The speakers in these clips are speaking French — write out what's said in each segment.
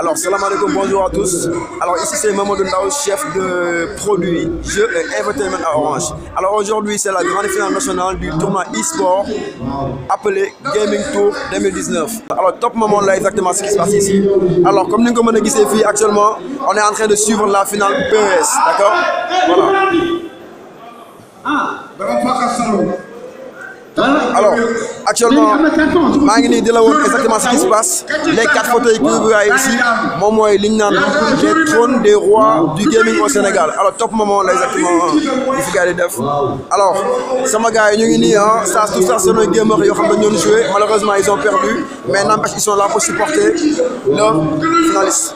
Alors, salam alaikum, bonjour à tous. Alors, ici c'est Mamadou Ndao, chef de produit, jeu et entertainment à Orange. Alors, aujourd'hui, c'est la grande finale nationale du tournoi e-sport appelé Gaming Tour 2019. Alors, top moment là, exactement ce qui se passe ici. Alors, comme nous comme ici actuellement, on est en train de suivre la finale PES. d'accord Voilà. Ah, Hein? alors actuellement je de exactement ce qui se passe les quatre fauteuils que vous voyez ici moi et Lignan, des rois du gaming au Sénégal alors top moment là exactement il alors ça gars gagné, nous ngi ah, ça tout ça c'est nos gamers qui ont fait joué malheureusement ils ont perdu mais parce qu'ils sont là pour supporter le finaliste.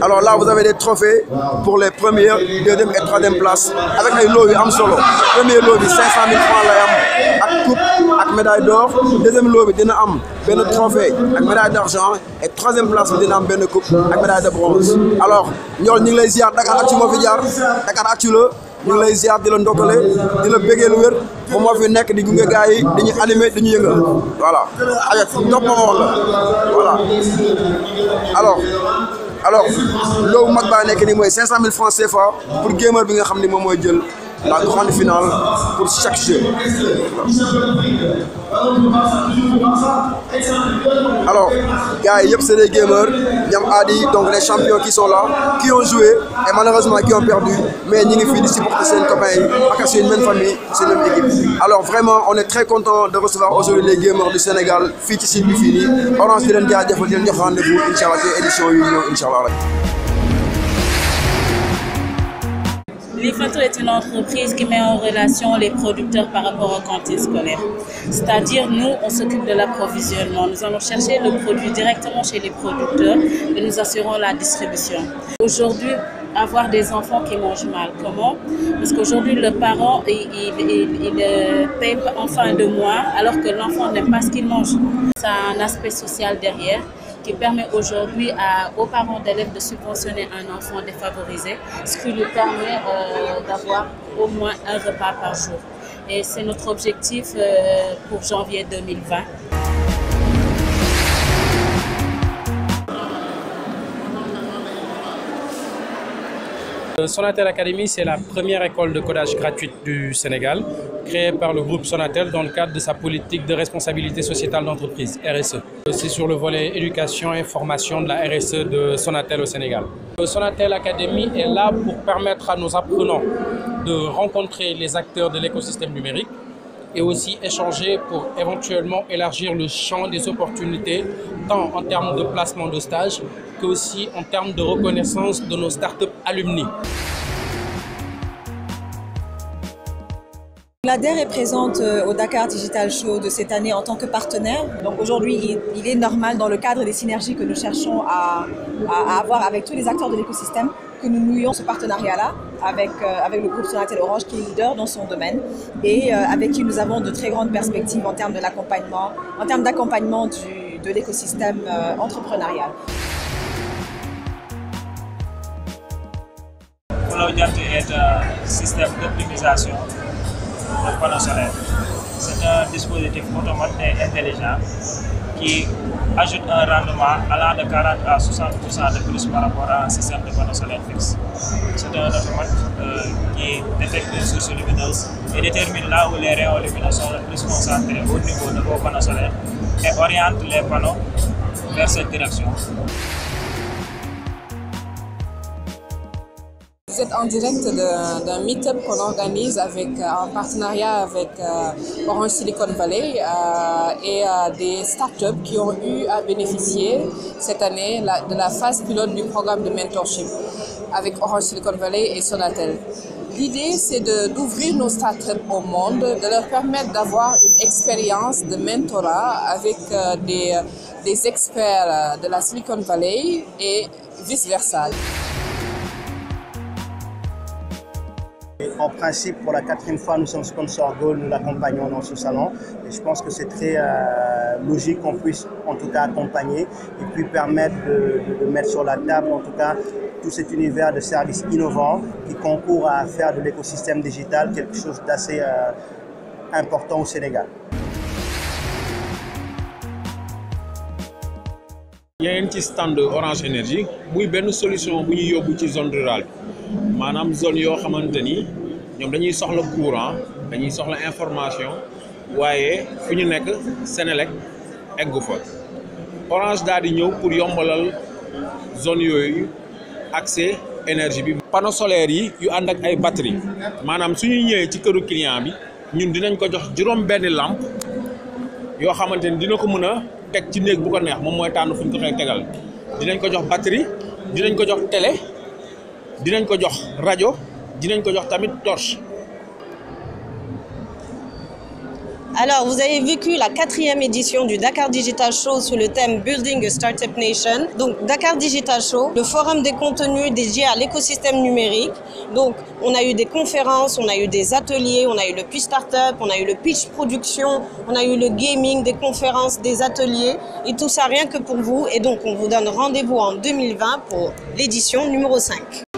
Alors là, vous avez des trophées pour les premières, deuxième et troisième places. Avec les lots, am solo. Premier lot, 500 000 francs Avec am coupe médaille d'or. Deuxième lot de dina am trophées trophée avec médaille d'argent et troisième place vous dina am coupes coupe avec médaille de bronze. Alors nous ñu les lay ziar des moo fi jaar des le. nous avons lay ziar di la les di la avons des voilà voilà alors alors loolu mag vous nous nii 500 000 francs CFA pour gamer bi nga ont fait la grande finale pour chaque jeu alors gars des gamers donc les champions qui sont là qui ont joué et malheureusement qui ont perdu mais ñi ngi pour di supporter campagne, parce que c'est une même famille une même équipe alors vraiment on est très content de recevoir aujourd'hui les gamers du Sénégal fii ci On bi un Orange rendez-vous Inch'Allah, et édition est une entreprise qui met en relation les producteurs par rapport aux cantines scolaires. C'est-à-dire, nous, on s'occupe de l'approvisionnement. Nous allons chercher le produit directement chez les producteurs et nous assurons la distribution. Aujourd'hui, avoir des enfants qui mangent mal. Comment Parce qu'aujourd'hui, le parent, il, euh, paye en fin de mois alors que l'enfant n'aime pas ce qu'il mange. Ça un aspect social derrière qui permet aujourd'hui aux parents d'élèves de subventionner un enfant défavorisé, ce qui lui permet euh, d'avoir au moins un repas par jour. Et c'est notre objectif euh, pour janvier 2020. Euh, Sonatel Academy, c'est la première école de codage gratuite du Sénégal, créée par le groupe Sonatel dans le cadre de sa politique de responsabilité sociétale d'entreprise, RSE. Euh, c'est sur le volet éducation et formation de la RSE de Sonatel au Sénégal. Euh, Sonatel Academy est là pour permettre à nos apprenants de rencontrer les acteurs de l'écosystème numérique et aussi échanger pour éventuellement élargir le champ des opportunités, tant en termes de placement de stage que aussi en termes de reconnaissance de nos startups alumni. L'ADER est présente euh, au Dakar Digital Show de cette année en tant que partenaire. Donc aujourd'hui, il est normal dans le cadre des synergies que nous cherchons à avoir avec tous les acteurs de l'écosystème que nous nouions ce partenariat-là avec, euh, avec le groupe Sonatel Orange qui est leader dans son domaine et euh, avec qui nous avons de très grandes perspectives en termes de l'accompagnement, en termes d'accompagnement de l'écosystème euh, entrepreneurial. système d'optimisation C'est un dispositif et intelligent qui ajoute un rendement allant de 40 à 60% de plus par rapport à un système de panneaux solaires fixes. C'est un automate euh, qui détecte les sources lumineuses et détermine là où les rayons lumineux sont les plus concentrés au niveau de vos panneaux solaires et oriente les panneaux vers cette direction. Vous êtes en direct d'un meet-up qu'on organise avec, euh, en partenariat avec euh, Orange Silicon Valley euh, et des startups qui ont eu à bénéficier cette année de la phase pilote du programme de mentorship avec Orange Silicon Valley et Sonatel. L'idée, c'est d'ouvrir nos startups au monde, de leur permettre d'avoir une expérience de mentorat avec des experts de la Silicon Valley et vice-versa. En principe, pour la quatrième fois, nous sommes sponsor Gold, nous l'accompagnons dans ce salon. Et je pense que c'est très euh, logique qu'on puisse en tout cas accompagner et puis permettre de, mettre sur la table en tout cas tout cet univers de services innovants qui concourent à faire de l'écosystème digital quelque chose d'assez euh, important au Sénégal. yaa ngi ci stand Orange Énergie muy benn solution bu ñuy yóbbu ci zone rurale bi maanaam zone yoo xamante ni ñoom dañuy soxla courant dañuy soxla information waaye fu ñu nekk Senelec eggu fa Orange daal di ñëw pour yombalal zone yooyu accès énergie bi. panneaux solaires yi yu ànd ak ay batterie maanaam su ñëwee ci këru client bi ñun dinañ ko jox juróom benn lampe yoo xamante ni dina ko mën a. teg ci néeg bu ko neex moom mooy tànn fu ko koy tegal dinañ ko jox batterie dinañ ko jox télé dinañ ko jox rajo dinañ ko jox tamit torche Alors, vous avez vécu la quatrième édition du Dakar Digital Show sous le thème Building a Startup Nation. Donc, Dakar Digital Show, le forum des contenus dédié à l'écosystème numérique. Donc, on a eu des conférences, on a eu des ateliers, on a eu le pitch startup, on a eu le pitch production, on a eu le gaming, des conférences, des ateliers et tout ça rien que pour vous. Et donc, on vous donne rendez-vous en 2020 pour l'édition numéro 5.